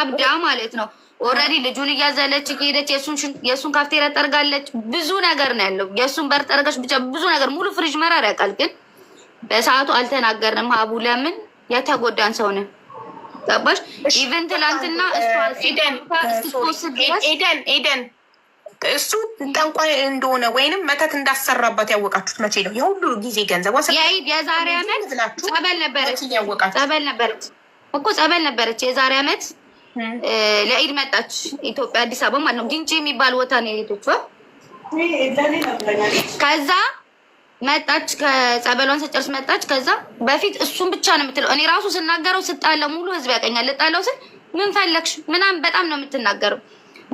አብዳ ማለት ነው። ኦልሬዲ ልጁን እያዘለች ሄደች። የእሱን ካፍቴራ ጠርጋለች። ብዙ ነገር ነው ያለው። የእሱን በር ጠርጋች። ብቻ ብዙ ነገር ሙሉ ፍሪጅ መራር ያውቃል። ግን በሰዓቱ አልተናገርንም። ሀቡ ለምን የተጎዳን ሰው ነን። ገባሽ? ኢቨን ትላንትና ኤደን እሱ ጠንቋይ እንደሆነ ወይንም መተት እንዳሰራባት ያወቃችሁት መቼ ነው? የሁሉ ጊዜ ገንዘብ የዛሬ አመት ጸበል ነበረች ጸበል ነበረች እኮ ጸበል ነበረች የዛሬ ዓመት ለኢድ መጣች ኢትዮጵያ አዲስ አበባ ማለት ነው። ግንጭ የሚባል ቦታ ነው የቤቶቿ። ከዛ መጣች ከጸበሏን ስጨርስ መጣች። ከዛ በፊት እሱን ብቻ ነው የምትለው። እኔ ራሱ ስናገረው ስጣለው ሙሉ ህዝብ ያቀኛል። ልጣለው ስል ምን ፈለግሽ ምናምን በጣም ነው የምትናገረው።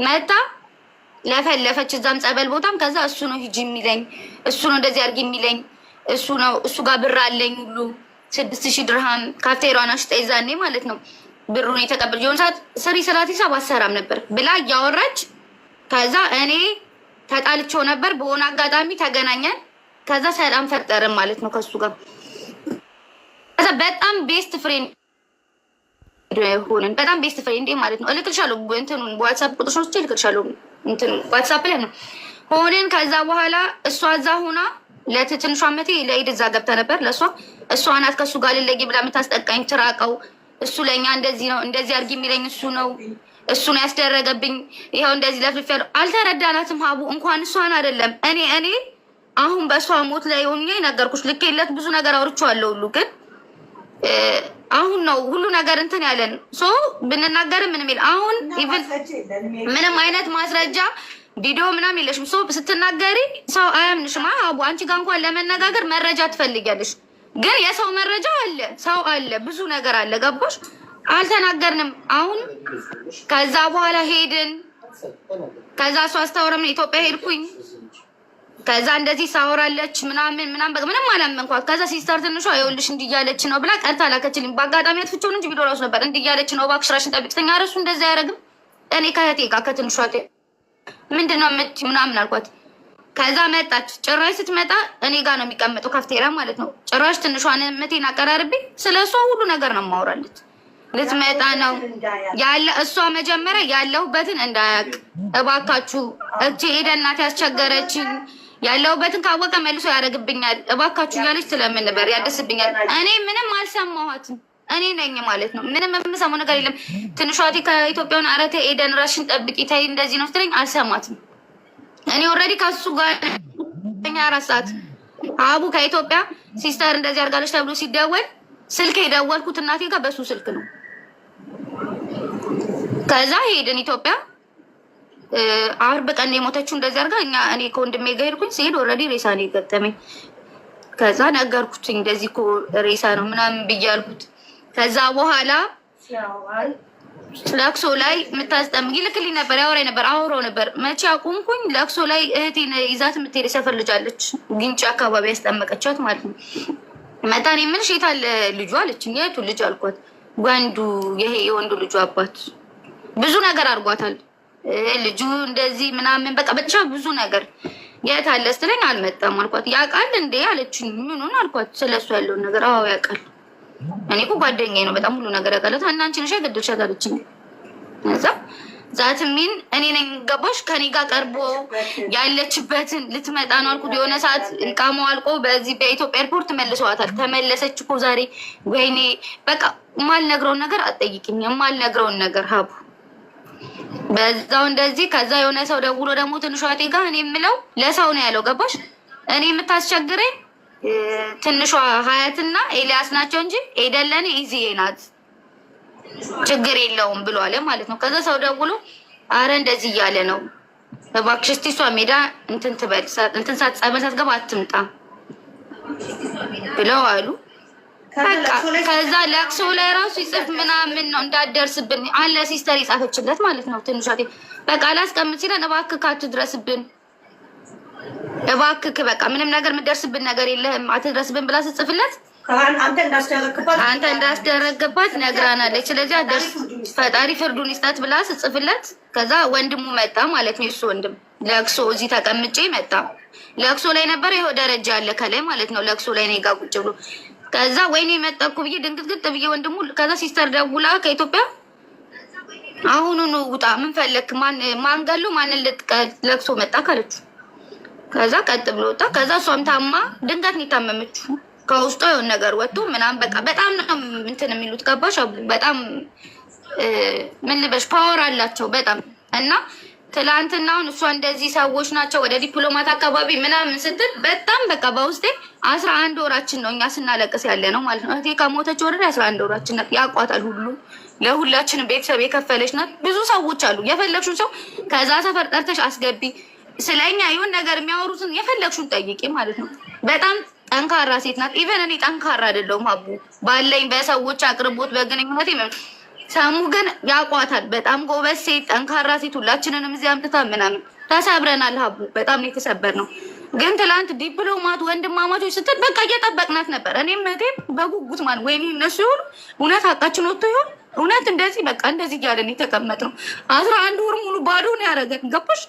መታ ለፈለፈች እዛም ጸበል ቦታም። ከዛ እሱ ነው ሂጂ የሚለኝ እሱ ነው እንደዚህ አድርጊ የሚለኝ እሱ ነው እሱ ጋር ብር አለኝ ሁሉ ስድስት ሺህ ድርሃም ካፍቴሯን አሽጣ ይዛኔ ማለት ነው ብሩን የተቀበል የሆን ሰዓት ስሪ ስላት ሂሳብ አሰራም ነበር ብላ እያወራች ከዛ እኔ ተጣልቸው ነበር። በሆነ አጋጣሚ ተገናኘን። ከዛ ሰላም ፈጠርም ማለት ነው ከሱ ጋር ከዛ በጣም ቤስት ፍሬንድ ሆንን። በጣም ቤስት ፍሬንድ ማለት ነው። እልክልሻለሁ እንትኑን ዋትሳፕ ቁጥሮች እልክልሻለሁ። እንትኑ ዋትሳፕ ላይ ነው ሆንን። ከዛ በኋላ እሷ እዛ ሆና ለትንሿ መቴ ለኢድ እዛ ገብታ ነበር። ለእሷ እሷ ናት ከእሱ ጋር ልለጌ ብላ የምታስጠቃኝ ትራቀው። እሱ ለእኛ እንደዚህ ነው እንደዚህ አድርጊ የሚለኝ እሱ ነው እሱ ነው ያስደረገብኝ። ይኸው እንደዚህ ለፍልፍ ያለው አልተረዳናትም። ሀቡ እንኳን እሷን አይደለም እኔ እኔ አሁን በእሷ ሞት ላይ ሆኜ ነገርኩሽ። ልኬለት ብዙ ነገር አውርቼዋለሁ ሁሉ ግን አሁን ነው ሁሉ ነገር እንትን ያለን ሶ ብንናገርም ምንም ይል አሁን ምንም አይነት ማስረጃ ቪዲዮ ምናምን የለሽም። ሰው ስትናገሪ ሰው አያምንሽም። አቡ አንቺ ጋር እንኳን ለመነጋገር መረጃ ትፈልጊያለሽ፣ ግን የሰው መረጃ አለ፣ ሰው አለ፣ ብዙ ነገር አለ። ገባሽ? አልተናገርንም። አሁን ከዛ በኋላ ሄድን። ከዛ እሱ አስታወረም ኢትዮጵያ ሄድኩኝ። ከዛ እንደዚህ ሳወራለች ምናምን ምናምን በቃ ምንም አላመንኳት። ከዛ ሲስተር ትንሿ ይኸውልሽ እንዲህ እያለች ነው ብላ ቀርታ ላከችልኝ። በአጋጣሚ አጥፍቼውን እንጂ ቢዶ እራሱ ነበር እንዲህ እያለች ነው እባክሽ እራስሽን ጠብቂኝ። እኛ እራሱ እንደዚያ አያደርግም። እኔ ከእህቴ ጋር ከትንሿ ምንድን ነው የምትይው ምናምን አልኳት። ከዛ መጣች። ጭራሽ ስትመጣ እኔ ጋር ነው የሚቀመጠው፣ ካፍቴራ ማለት ነው። ጭራሽ ትንሿን እህቴን አቀራርቤ ስለ እሷ ሁሉ ነገር ነው የማወራለት። ልትመጣ ነው ያለ እሷ መጀመሪያ ያለሁበትን እንዳያውቅ እባካችሁ፣ እቺ ሄደ እናት ያስቸገረችኝ ያለሁበትን ካወቀ መልሶ ያደርግብኛል፣ እባካችሁ እያለች ስለምን ነበር ያደስብኛል። እኔ ምንም አልሰማኋትም። እኔ ነኝ ማለት ነው። ምንም የምሰማው ነገር የለም። ትንሿ እቴ ከኢትዮጵያን አረተ ኤደን ራሽን ጠብቂ ተይ እንደዚህ ነው ስትለኝ አልሰማትም። እኔ ኦልሬዲ ከሱ ጋር አራት ሰዓት አቡ ከኢትዮጵያ ሲስተር እንደዚህ አድርጋለች ተብሎ ሲደወል ስልክ የደወልኩት እናቴ ጋር በሱ ስልክ ነው። ከዛ ሄድን ኢትዮጵያ አርብ ቀን የሞተችው እንደዚህ አድርጋ እኛ እኔ ከወንድሜ ጋር ሄድኩኝ። ሲሄድ ኦልሬዲ ሬሳ ነው የገጠመኝ። ከዛ ነገርኩት እንደዚህ እኮ ሬሳ ነው ምናምን ብዬ አልኩት። ከዛ በኋላ ለቅሶ ላይ የምታስጠምቂ ልክልኝ ነበር፣ ያወራኝ ነበር፣ አውሮ ነበር። መቼ አቁምኩኝ? ለቅሶ ላይ እህቴን ይዛት የምትሄድ የሰፈር ልጅ ግንጭ አካባቢ ያስጠመቀቻት ማለት ነው። መጣን እኔ የምልሽ የት አለ ልጁ አለች። የቱ ልጅ አልኳት። ወንዱ ይሄ የወንዱ ልጁ አባት ብዙ ነገር አድርጓታል። ልጁ እንደዚህ ምናምን በቃ ብቻ ብዙ ነገር የት አለ ስትለኝ አልመጣም አልኳት። ያውቃል እንዴ አለችኝ። ምኑን አልኳት። ስለሱ ያለውን ነገር አዎ ያውቃል እኔ እኮ ጓደኛዬ ነው በጣም ሁሉ ነገር ያቀለት እናንቺ ነሽ ገደልሽ ያጋለች ነው ዛት ዛትሚን እኔ ነኝ ገባሽ ከኔ ጋር ቀርቦ ያለችበትን ልትመጣ ነው አልኩት። የሆነ ሰዓት እልቃሙ አልቆ በዚህ በኢትዮጵያ ኤርፖርት መልሰዋታል። ተመለሰች እኮ ዛሬ። ወይኔ በቃ የማልነግረውን ነገር አትጠይቂኝ፣ የማልነግረውን ነገር ሀቡ በዛው እንደዚህ። ከዛ የሆነ ሰው ደውሎ ደግሞ ትንሿቴ ጋር እኔ የምለው ለሰው ነው ያለው ገባሽ እኔ የምታስቸግረኝ ትንሿ ሀያትና ኤልያስ ናቸው እንጂ ኤደለኔ ኢዚዬ ናት፣ ችግር የለውም ብሏለ ማለት ነው። ከዛ ሰው ደውሎ አረ እንደዚህ እያለ ነው እባክሽ እስቲ እሷ ሜዳ እንትን ትበል እንትን ሳትጸበል ሳትገባ አትምጣ ብለው አሉ። በቃ ከዛ ለቅሶ ላይ ራሱ ይጽፍ ምናምን ነው እንዳደርስብን አለ ሲስተር የጻፈችለት ማለት ነው። ትንሿ በቃ አላስቀምጥ ሲለን እባክህ ካቱ ድረስብን እባክክ በቃ ምንም ነገር የምደርስብን ነገር የለህም አትድረስብን ብላ ስጽፍለት አንተ እንዳስደረግባት ነግራናለች። ስለዚህ አደርስ ፈጣሪ ፍርዱን ይስጣት ብላ ስጽፍለት ከዛ ወንድሙ መጣ ማለት ነው። የሱ ወንድም ለቅሶ እዚህ ተቀምጬ መጣ። ለቅሶ ላይ ነበር። ይኸው ደረጃ አለ ከላይ ማለት ነው። ለቅሶ ላይ ነው ጋ ቁጭ ብሎ ከዛ ወይኔ መጠኩ ብዬ ድንግጥግጥ ብዬ ወንድሙ ከዛ ሲስተር ደውላ ከኢትዮጵያ አሁኑኑ ውጣ፣ ምን ፈለክ? ማን ማን ማንን ልጥቀ ለቅሶ መጣ ካለች ከዛ ቀጥ ብሎ ወጣ። ከዛ እሷም ታማ ድንገት ነው የታመመችው። ከውስጧ የሆነ ነገር ወጥቶ ምናምን በቃ በጣም እንትን የሚሉት ገባሽ? በጣም ምን ልበሽ ፓወር አላቸው በጣም እና ትላንትና አሁን እሷ እንደዚህ ሰዎች ናቸው ወደ ዲፕሎማት አካባቢ ምናምን ስትል በጣም በቃ በውስጤ አስራ አንድ ወራችን ነው እኛ ስናለቅስ ያለ ነው ማለት ነው። እቴ ከሞተች ወረዳ አስራ አንድ ወራችን ነው። ያቋታል ሁሉ ለሁላችንም ቤተሰብ የከፈለች ናት። ብዙ ሰዎች አሉ የፈለግሽው ሰው ከዛ ሰፈር ጠርተሽ አስገቢ ስለ እኛ ይሁን ነገር የሚያወሩትን የፈለግሽውን ጠይቄ ማለት ነው። በጣም ጠንካራ ሴት ናት። ኢቨን እኔ ጠንካራ አይደለሁም አቡ ባለኝ በሰዎች አቅርቦት በግንኙነት ሰሙ ግን ያቋታል። በጣም ጎበዝ ሴት፣ ጠንካራ ሴት ሁላችንንም እዚህ አምጥታ ምናምን ተሰብረናል። ሀቡ በጣም ነው የተሰበር ነው። ግን ትላንት ዲፕሎማት ወንድማማቾች ስትል በቃ እየጠበቅናት ነበር። እኔም እቴም በጉጉት ማለት ወይም እነሱ ይሆኑ እውነት አቃችን ወጥቶ ይሆን እውነት እንደዚህ በቃ እንደዚህ እያለን የተቀመጠው አስራ አንድ ወር ሙሉ ባዶ ነው ያደረገን። ገባሽ?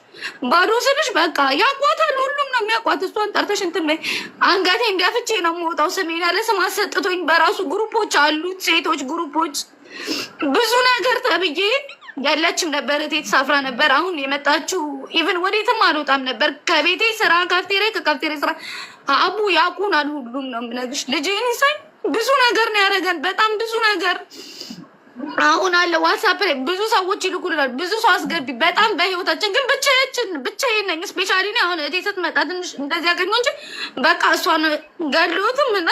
ባዶ ስልሽ በቃ ያቋታል፣ ሁሉም ነው የሚያቋት። እሷን ጠርተሽ እንትን ላይ አንገቴ እንዲያፍቼ ነው የምወጣው። ስሜን ያለ ስም አሰጥቶኝ በራሱ ግሩፖች አሉት፣ ሴቶች ግሩፖች ብዙ ነገር ተብዬ ያለችም ነበር። እቴት ሳፍራ ነበር አሁን የመጣችው። ኢቨን ወዴትም አልወጣም ነበር ከቤቴ ስራ ካፍቴሬ፣ ከካፍቴሬ ስራ አቡ ያቁናል። ሁሉም ነው የምነግርሽ። ልጅን ይሳይ ብዙ ነገር ነው ያደረገን፣ በጣም ብዙ ነገር አሁን አለ ዋትሳፕ ላይ ብዙ ሰዎች ይልኩልናል። ብዙ ሰው አስገቢ በጣም በህይወታችን ግን ብቻችን ብቻዬን ነኝ። ስፔሻሊ አሁን እቴ ስትመጣ ትንሽ እንደዚህ ያገኙ እንጂ በቃ እሷን ገሉትም እና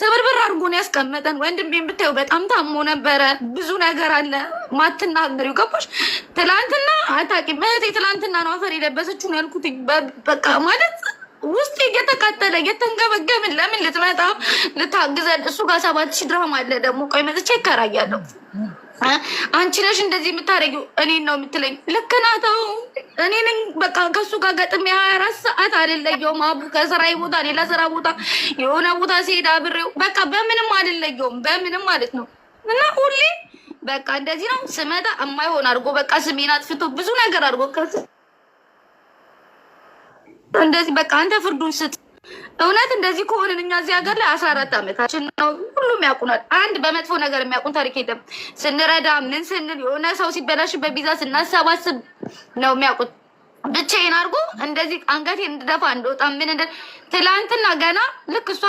ስብርብር አድርጎን ያስቀመጠን ወንድሜ ብታየው በጣም ታሞ ነበረ። ብዙ ነገር አለ ማትናገሪው ገባሽ። ትላንትና አታውቂም እህቴ ትላንትና ነው አፈር የለበሰችውን ያልኩትኝ በቃ ማለት ውስጥ እየተቃጠለ እየተንገበገብን ለምን ልትመጣ ልታግዘን? እሱ ጋር ሰባት ሺ ድራማ አለ። ደግሞ ቆይ መጥቼ ይከራያለሁ። አንቺ ነሽ እንደዚህ የምታደርጊው እኔን ነው የምትለኝ። ልክ ናት። እኔን በቃ ከሱ ጋር ገጥሜ የሀያ አራት ሰዓት አልለየውም። አቡ ከስራዬ ቦታ ሌላ ስራ ቦታ የሆነ ቦታ ሲሄድ አብሬው በቃ በምንም አልለየውም፣ በምንም ማለት ነው እና ሁሌ በቃ እንደዚህ ነው። ስመጣ የማይሆን አድርጎ በቃ ስሜን አጥፍቶ ብዙ ነገር አድርጎ እንደዚህ በቃ አንተ ፍርዱን ስጥ። እውነት እንደዚህ ከሆንን እኛ እዚህ ሀገር ላይ አስራ አራት አመታችን ነው። ሁሉም ያውቁናል። አንድ በመጥፎ ነገር የሚያውቁን ታሪክ የለም። ስንረዳ ምን ስንል የሆነ ሰው ሲበላሽ በቢዛ ስናሰባስብ ነው የሚያውቁት። ብቻዬን አድርጎ እንደዚህ አንገቴን እንድደፋ እንደወጣ ምን እንደ ትላንትና ገና ልክ እሷ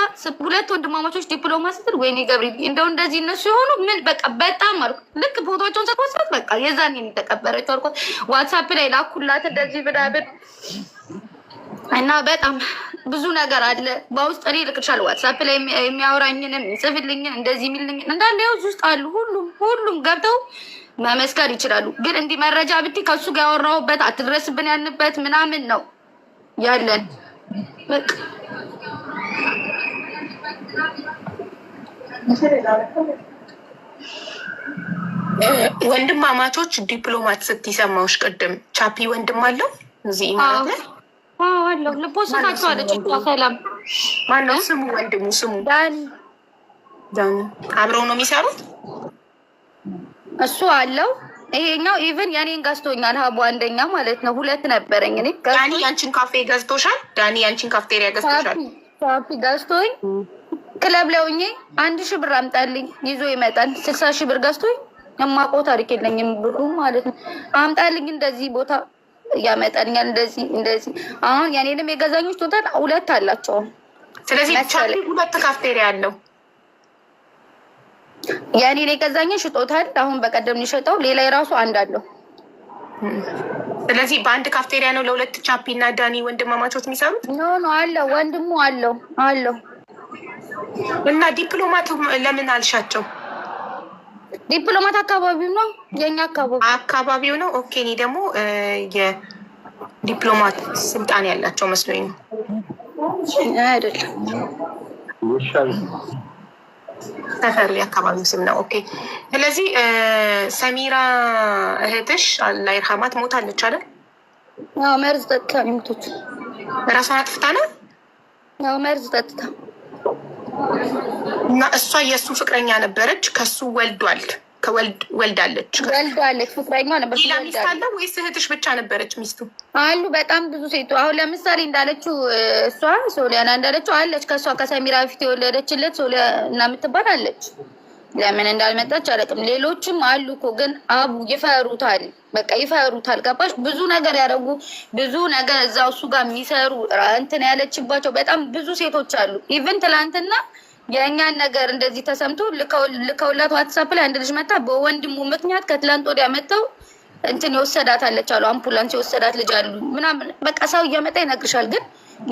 ሁለት ወንድማማቾች ዲፕሎማ ስትል ወይኔ ገብሪ እንደው እንደዚህ እነሱ የሆኑ ምን በቃ በጣም አልኩ። ልክ ፎቶቸውን ስትወስድ በቃ የዛን የሚተቀበረችው አልኳት። ዋትሳፕ ላይ ላኩላት እንደዚህ ብዳብር እና በጣም ብዙ ነገር አለ በውስጥ እኔ ልቅሻል ዋትሳፕ ላይ የሚያወራኝንም ጽፍልኝን እንደዚህ የሚልኝ እንዳለ ውስጥ ውስጥ አሉ። ሁሉም ሁሉም ገብተው መመስከር ይችላሉ። ግን እንዲህ መረጃ ብቲ ከሱ ጋር ያወራሁበት አትድረስብን ያንበት ምናምን ነው ያለን ወንድማማቾች ዲፕሎማት ስትሰማዎች ቅድም ቻፒ ወንድም አለው እዚህ ማለት ነው አውቀዋለሁ። ልቦስታቸዋለች ሰላም ማነው ስሙ? ወንድሙ ስሙ ዳኒ ዳኒ። አብረው ነው የሚሰሩት። እሱ አለው ይሄኛው ኢቨን ያኔን ገዝቶኛል። ሀቡ አንደኛ ማለት ነው። ሁለት ነበረኝ እኔ። ዳኒ ያንቺን ካፌ ገዝቶሻል። ዳኒ ያንቺን ካፍቴሪያ ገዝቶሻል። ካፌ ገዝቶኝ ክለብ ለውኝ አንድ ሺህ ብር አምጣልኝ ይዞ ይመጣል። ስልሳ ሺህ ብር ገዝቶኝ የማውቀው ታሪክ የለኝም ብሩ ማለት ነው። አምጣልኝ እንደዚህ ቦታ ያመጣኛል እንደዚህ እንደዚህ። አሁን የኔንም የገዛኞች ቶታል ሁለት አላቸው። ስለዚህ ቻሊ ሁለት ካፍቴሪያ ያለው የኔን የገዛኝን ሽጦታል። አሁን በቀደም ሊሸጠው ሌላ የራሱ አንድ አለው። ስለዚህ በአንድ ካፍቴሪያ ነው ለሁለት ቻፒ እና ዳኒ ወንድማማቾች የሚሰሩት? ኖ ኖ አለው፣ ወንድሙ አለው አለው። እና ዲፕሎማት ለምን አልሻቸው? ዲፕሎማት አካባቢው ነው የኛ አካባቢ አካባቢው ነው። ኦኬ እኔ ደግሞ የዲፕሎማት ስልጣን ያላቸው መስሎኝ ነው። አይደለም ተፈሪ አካባቢው ስም ነው። ኦኬ ስለዚህ ሰሚራ እህትሽ አላህ ይርሐማት ሞታለች አይደል? መርዝ ጠጥታ ነው የሞተች። ራሷን አጥፍታ ነው መርዝ ጠጥታ እና እሷ የእሱ ፍቅረኛ ነበረች። ከሱ ወልዷል ወልዳለች ወልዳለች ፍቅረኛ ነበር። ሌላ ሚስት አለ ወይስ እህትሽ ብቻ ነበረች ሚስቱ? አሉ በጣም ብዙ ሴቱ አሁን ለምሳሌ እንዳለችው እሷ ሶሊያና እንዳለችው አለች። ከእሷ ከሰሚራ በፊት የወለደችለት ሶሊያና የምትባል አለች። ለምን እንዳልመጣች አላውቅም። ሌሎችም አሉ እኮ ግን አቡ ይፈሩታል፣ በቃ ይፈሩታል። ገባሽ? ብዙ ነገር ያደረጉ ብዙ ነገር እዛ እሱ ጋር የሚሰሩ እንትን ያለችባቸው በጣም ብዙ ሴቶች አሉ። ኢቨን ትላንትና የእኛን ነገር እንደዚህ ተሰምቶ ልከውላት ዋትሳፕ ላይ አንድ ልጅ መጣ። በወንድሙ ምክንያት ከትላንት ወዲያ መጥተው እንትን የወሰዳት አለች አሉ። አምፑላንስ የወሰዳት ልጅ አሉ ምናምን በቃ ሰው እየመጣ ይነግርሻል። ግን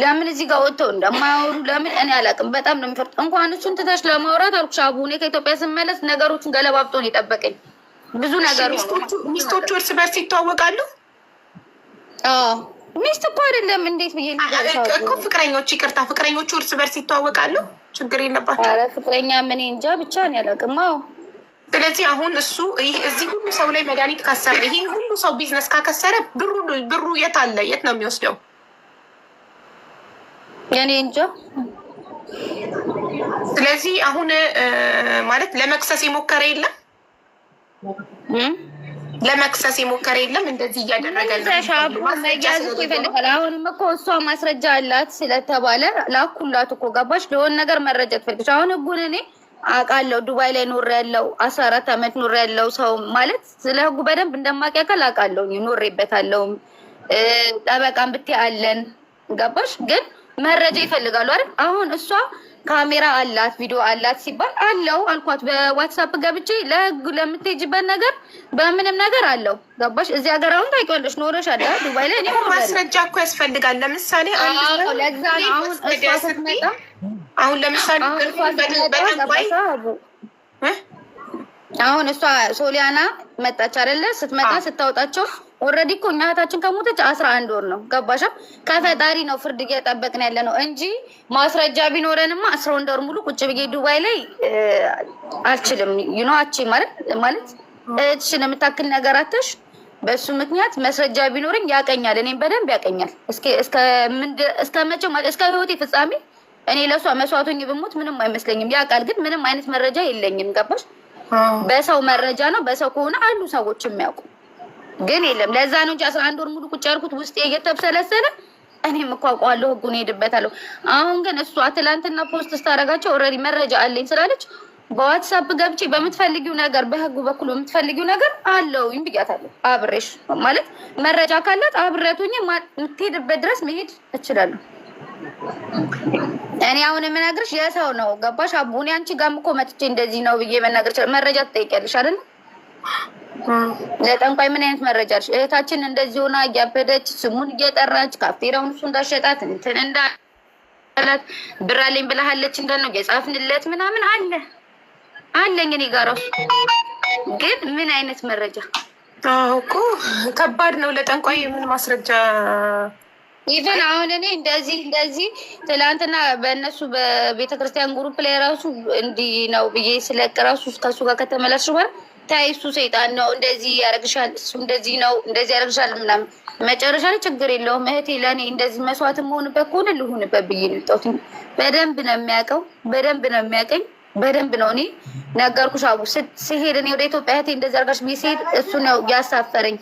ለምን እዚህ ጋር ወጥተው እንደማያወሩ ለምን እኔ አላውቅም። በጣም ነው የሚፈርጥ። እንኳን እሱን ትተሽ ለማውራት አልኩሽ አቡ። እኔ ከኢትዮጵያ ስመለስ ነገሮችን ገለባብጦ ነው የጠበቀኝ። ብዙ ነገር ሚስቶቹ እርስ በርስ ይተዋወቃሉ። ሚስት እኮ አይደለም እንዴት ብዬ እኮ ፍቅረኞቹ፣ ይቅርታ ፍቅረኞቹ እርስ በርስ ይተዋወቃሉ። ችግር የለባቸው። ኧረ ፍቅረኛ ምን እንጃ ብቻ ነው ያለቅማው። ስለዚህ አሁን እሱ እዚህ ሁሉ ሰው ላይ መድኃኒት ካሰረ ይሄ ሁሉ ሰው ቢዝነስ ካከሰረ ብሩ ብሩ የት አለ? የት ነው የሚወስደው? የኔ እንጃ። ስለዚህ አሁን ማለት ለመክሰስ የሞከረ የለም ለመክሰስ የሞከረ የለም። እንደዚህ እያደረገ አሁንም እኮ እሷ ማስረጃ አላት ስለተባለ ላኩላት እኮ ገባሽ። ለሆን ነገር መረጃ ትፈልግሽ። አሁን ህጉን እኔ አውቃለሁ። ዱባይ ላይ ኖር ያለው አስራ አራት ዓመት ኖር ያለው ሰው ማለት ስለ ህጉ በደንብ እንደማውቅ ያውቃል። አውቃለሁ፣ ኖሬበታለሁም። ጠበቃን ብትይ አለን። ገባሽ ግን መረጃ ይፈልጋሉ አይደል? አሁን እሷ ካሜራ አላት ቪዲዮ አላት ሲባል አለው አልኳት። በዋትሳፕ ገብቼ ለህግ ለምትሄጂበት ነገር በምንም ነገር አለው። ገባሽ? እዚህ ሀገር አሁን ታውቂዋለሽ ኖረሽ አለ ዱባይ ላይ ማስረጃ እኮ ያስፈልጋል። ለምሳሌ አሁን ስትመጣ አሁን ለምሳሌ አሁን እሷ ሶሊያና መጣች አይደለ? ስትመጣ ስታወጣቸው ኦልሬዲ እኮ እኛ እህታችን ከሞተች አስራ አንድ ወር ነው። ገባሻ? ከፈጣሪ ነው ፍርድ እየጠበቅን ያለ ነው እንጂ ማስረጃ ቢኖረንማ አስራ አንድ ወር ሙሉ ቁጭ ብዬ ዱባይ ላይ አልችልም። ዩኖ አቺ ማለት ማለት እህትሽን የምታክል ነገር አተሽ በእሱ ምክንያት መስረጃ ቢኖረኝ ያቀኛል፣ እኔም በደንብ ያቀኛል። እስከ መቼው ማለት እስከ ህይወቴ ፍጻሜ እኔ ለእሷ መስዋዕቶኝ ብሞት ምንም አይመስለኝም። ያውቃል፣ ግን ምንም አይነት መረጃ የለኝም። ገባሽ? በሰው መረጃ ነው። በሰው ከሆነ አሉ ሰዎች የሚያውቁ ግን የለም። ለዛ ነው እንጂ አስራ አንድ ወር ሙሉ ቁጭ ያልኩት ውስጤ እየተብሰለሰለ እኔም እኮ አውቀዋለሁ፣ ህጉን ሄድበታለሁ። አሁን ግን እሷ ትላንትና ፖስት ስታደርጋቸው ኦልሬዲ መረጃ አለኝ ስላለች በዋትሳፕ ገብቼ በምትፈልጊው ነገር በህጉ በኩል በምትፈልጊው ነገር አለው አለውኝ ብያታለሁ። አብሬሽ ማለት መረጃ ካላት አብረቱኝ የምትሄድበት ድረስ መሄድ እችላለሁ። እኔ አሁን የምነግርሽ የሰው ነው ገባሽ? አቡኔ አንቺ ጋርም እኮ መጥቼ እንደዚህ ነው ብዬ መናገር መረጃ ትጠይቂያለሽ አይደል? ለጠንቋይ ምን አይነት መረጃ አለሽ? እህታችን እንደዚህ ሆና እያበደች ስሙን እየጠራች ካፍቴራውን እሱ እንዳሸጣት እንትን እንዳላት ብራሌን ብላሃለች እንዳል ነው የጻፍንለት ምናምን አለ አለኝ እኔ ጋር እሱ ግን ምን አይነት መረጃ እኮ ከባድ ነው። ለጠንቋይ ምን ማስረጃ ኢቨን አሁን እኔ እንደዚህ እንደዚህ ትላንትና በእነሱ በቤተክርስቲያን ግሩፕ ላይ ራሱ እንዲህ ነው ብዬ ስለቅ ራሱ ከሱ ጋር ከተመላሽ በኋላ ታይ እሱ ሰይጣን ነው፣ እንደዚህ ያደርግሻል፣ እሱ እንደዚህ ነው፣ እንደዚህ ያደርግሻል ምናምን። መጨረሻ ላይ ችግር የለውም እህቴ፣ ለእኔ እንደዚህ መስዋዕት መሆንበት ከሆነ ልሁንበት ብዬ ንጣት። በደንብ ነው የሚያውቀው፣ በደንብ ነው የሚያውቀኝ፣ በደንብ ነው እኔ ነገርኩሽ። አቡ ስሄድ እኔ ወደ ኢትዮጵያ እህቴ እንደዚህ አድርጋሽ ብዬ እሱ ነው ያሳፈረኝ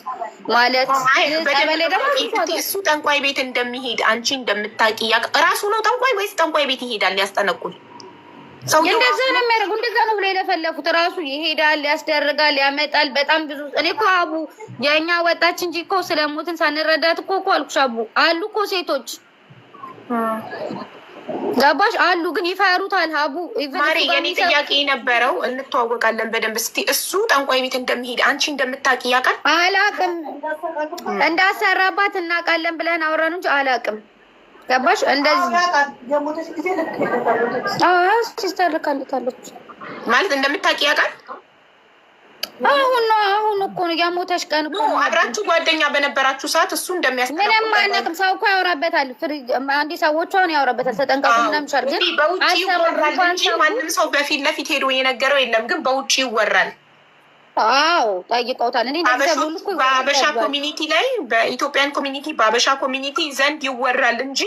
ማለት እሱ ጠንቋይ ቤት እንደሚሄድ አንቺ እንደምታውቂ እራሱ ነው ጠንቋይ ወይስ ጠንቋይ ቤት ይሄዳል ያስጠነቁል? እንደዛ ነው የሚያደርጉ። እንደዛ ነው ብሎ የለፈለፉት ራሱ ይሄዳል፣ ያስደርጋል፣ ያመጣል። በጣም ብዙ እኔ እኮ አቡ የእኛ ወጣች እንጂ እኮ ስለሞትን ሳንረዳት እኮ እኮ አልኩሽ አቡ አሉ እኮ ሴቶች ገባሽ አሉ ግን ይፈሩታል። ሀቡ ማሪ የኔ ጥያቄ የነበረው እንተዋወቃለን በደንብ እስቲ እሱ ጠንቋይ ቤት እንደሚሄድ አንቺ እንደምታውቂ ያውቃል አላውቅም። እንዳሰራባት እናውቃለን ብለን አውራን እንጂ አላውቅም። ገባሽ? እንደዚህ ሲስተር ማለት እንደምታውቂ ያውቃል። አሁን አሁን እኮ ነው ያሞተሽ ቀን እኮ አብራችሁ ጓደኛ በነበራችሁ ሰዓት እሱ እንደሚያስቀር ምንም አናውቅም። ሰው እኮ ያወራበታል። አንዴ ሰዎቹ አሁን ያወራበታል። ተጠንቀቁ ምናምን ግን በውጭ ይወራል እንጂ ማንም ሰው በፊት ለፊት ሄዶ የነገረው የለም። ግን በውጭ ይወራል አዎ ጠይቀውታል። በአበሻ ኮሚኒቲ ላይ በኢትዮጵያን ኮሚኒቲ በአበሻ ኮሚኒቲ ዘንድ ይወራል እንጂ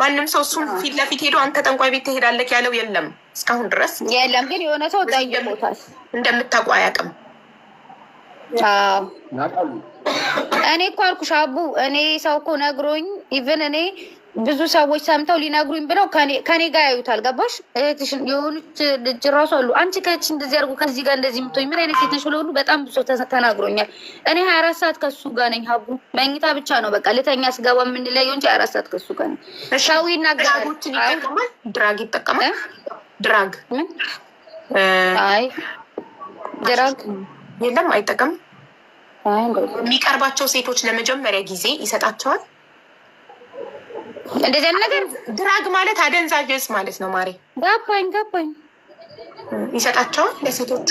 ማንም ሰው እሱን ፊት ለፊት ሄዶ አንተ ጠንቋይ ቤት ትሄዳለህ ያለው የለም እስካሁን ድረስ የለም። ግን የሆነ ሰው ጠይቆታል እንደምታውቁ አያውቅም። እኔ እኮ አልኩሽ አቡ፣ እኔ ሰው እኮ ነግሮኝ ኢቨን እኔ ብዙ ሰዎች ሰምተው ሊነግሩኝ ብለው ከኔ ጋር ያዩታል። ገባሽ? እህትሽን የሆኑች ልጅ ራሱ አሉ አንቺ ከች እንደዚህ አድርጎ ከዚህ ጋር እንደዚህ ምቶ ምን አይነት ሴት ነሽ ብለው ሁሉ በጣም ብዙ ተናግሮኛል። እኔ ሀያ አራት ሰዓት ከሱ ጋር ነኝ። ሀቡ መኝታ ብቻ ነው በቃ ልተኛ ስገባ የምንለየው እንጂ ሀያ አራት ሰዓት ከሱ ጋር ነኝ። ሰው ይናገራል። ድራግ ይጠቀማል። ድራግ ምን? አይ ድራግ የለም አይጠቀምም። የሚቀርባቸው ሴቶች ለመጀመሪያ ጊዜ ይሰጣቸዋል እንደዚህ ነገር ድራግ ማለት አደንዛዥ ዕፅ ማለት ነው። ማሬ ገባኝ ገባኝ። ይሰጣቸዋል ለሴቶቹ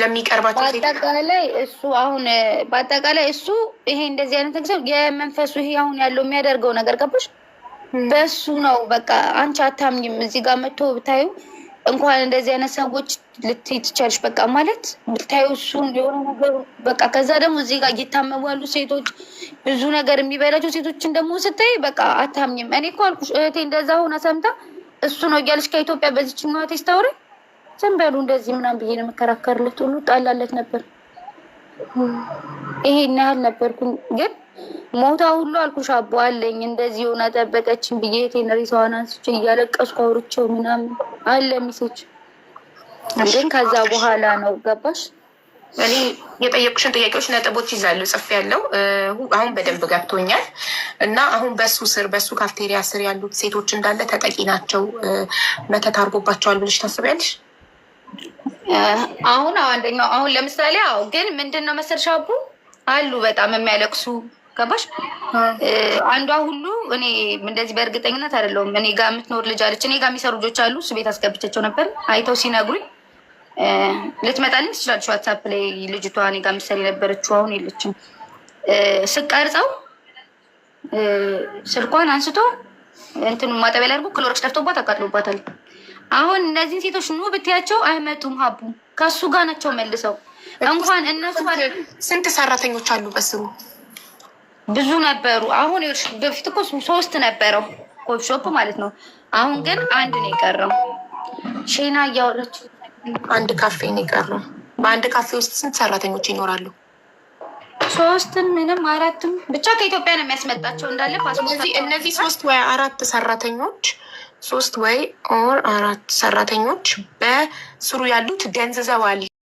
ለሚቀርባቸው በአጠቃላይ እሱ አሁን በአጠቃላይ እሱ ይሄ እንደዚህ አይነት ነገር የመንፈሱ ይሄ አሁን ያለው የሚያደርገው ነገር ገባሽ? በሱ ነው በቃ አንቺ አታምኝም። እዚህ ጋር መጥቶ ብታዩ እንኳን እንደዚህ አይነት ሰዎች ልትይ ትቻለሽ። በቃ ማለት ብታዩ እሱን የሆነ ነገር በቃ ከዛ ደግሞ እዚህ ጋር እየታመሙ ያሉ ሴቶች ብዙ ነገር የሚበላቸው ሴቶችን ደግሞ ስታይ በቃ አታምኝም። እኔ እኮ አልኩሽ እህቴ እንደዛ ሆነ ሰምታ እሱ ነው እያለች ከኢትዮጵያ በዚች ማቴ ስታውሪ ዝም በሉ እንደዚህ ምናም ብዬ ነው የምከራከርለት ሁሉ ጣላለት ነበር። ይሄን ያህል ነበርኩኝ ግን ሞታ ሁሉ አልኩሽ አቦ አለኝ እንደዚህ ሆና ጠበቀችን ብዬ ቴነሪ ሰዋናንስች እያለቀስኩ አውርቼው ምናምን አለ ሚሶች ግን ከዛ በኋላ ነው ገባሽ። እኔ የጠየቁሽን ጥያቄዎች ነጥቦች ይዛሉ ጽፍ ያለው አሁን በደንብ ገብቶኛል። እና አሁን በሱ ስር በሱ ካፍቴሪያ ስር ያሉት ሴቶች እንዳለ ተጠቂ ናቸው መተት አድርጎባቸዋል ብለሽ ታስቢያለሽ? አሁን አንደኛው አሁን ለምሳሌ አዎ፣ ግን ምንድን ነው መሰል አሉ በጣም የሚያለቅሱ ገባሽ? አንዷ ሁሉ እኔ እንደዚህ በእርግጠኝነት አይደለሁም። እኔ ጋር የምትኖር ልጅ አለች። እኔ ጋር የሚሰሩ ልጆች አሉ። እሱ ቤት አስገብቻቸው ነበር። አይተው ሲነግሩኝ ልትመጣልኝ ትችላለች። ዋትሳፕ ላይ ልጅቷ እኔ ጋር የምትሰሪ የነበረችው አሁን የለችም። ስቀርጸው ስልኳን አንስቶ እንትኑ ማጠቢያ ላይ አድርጎ ክሎሮክስ ደፍቶባት አቃጥሎባታል። አሁን እነዚህን ሴቶች ኑ ብትያቸው አይመጡም። ሀቡ ከሱ ጋር ናቸው መልሰው እንኳን እነሱ ስንት ሰራተኞች አሉ በስሩ ብዙ ነበሩ። አሁን በፊት እኮ ሶስት ነበረው ወርክሾፕ ማለት ነው። አሁን ግን አንድ ነው የቀረው። ሼና እያወረች አንድ ካፌ ነው የቀረው። በአንድ ካፌ ውስጥ ስንት ሰራተኞች ይኖራሉ? ሶስትም ምንም አራትም ብቻ ከኢትዮጵያ ነው የሚያስመጣቸው እንዳለ እነዚህ ሶስት ወይ አራት ሰራተኞች ሶስት ወይ ኦር አራት ሰራተኞች በስሩ ያሉት ደንዝዘዋል።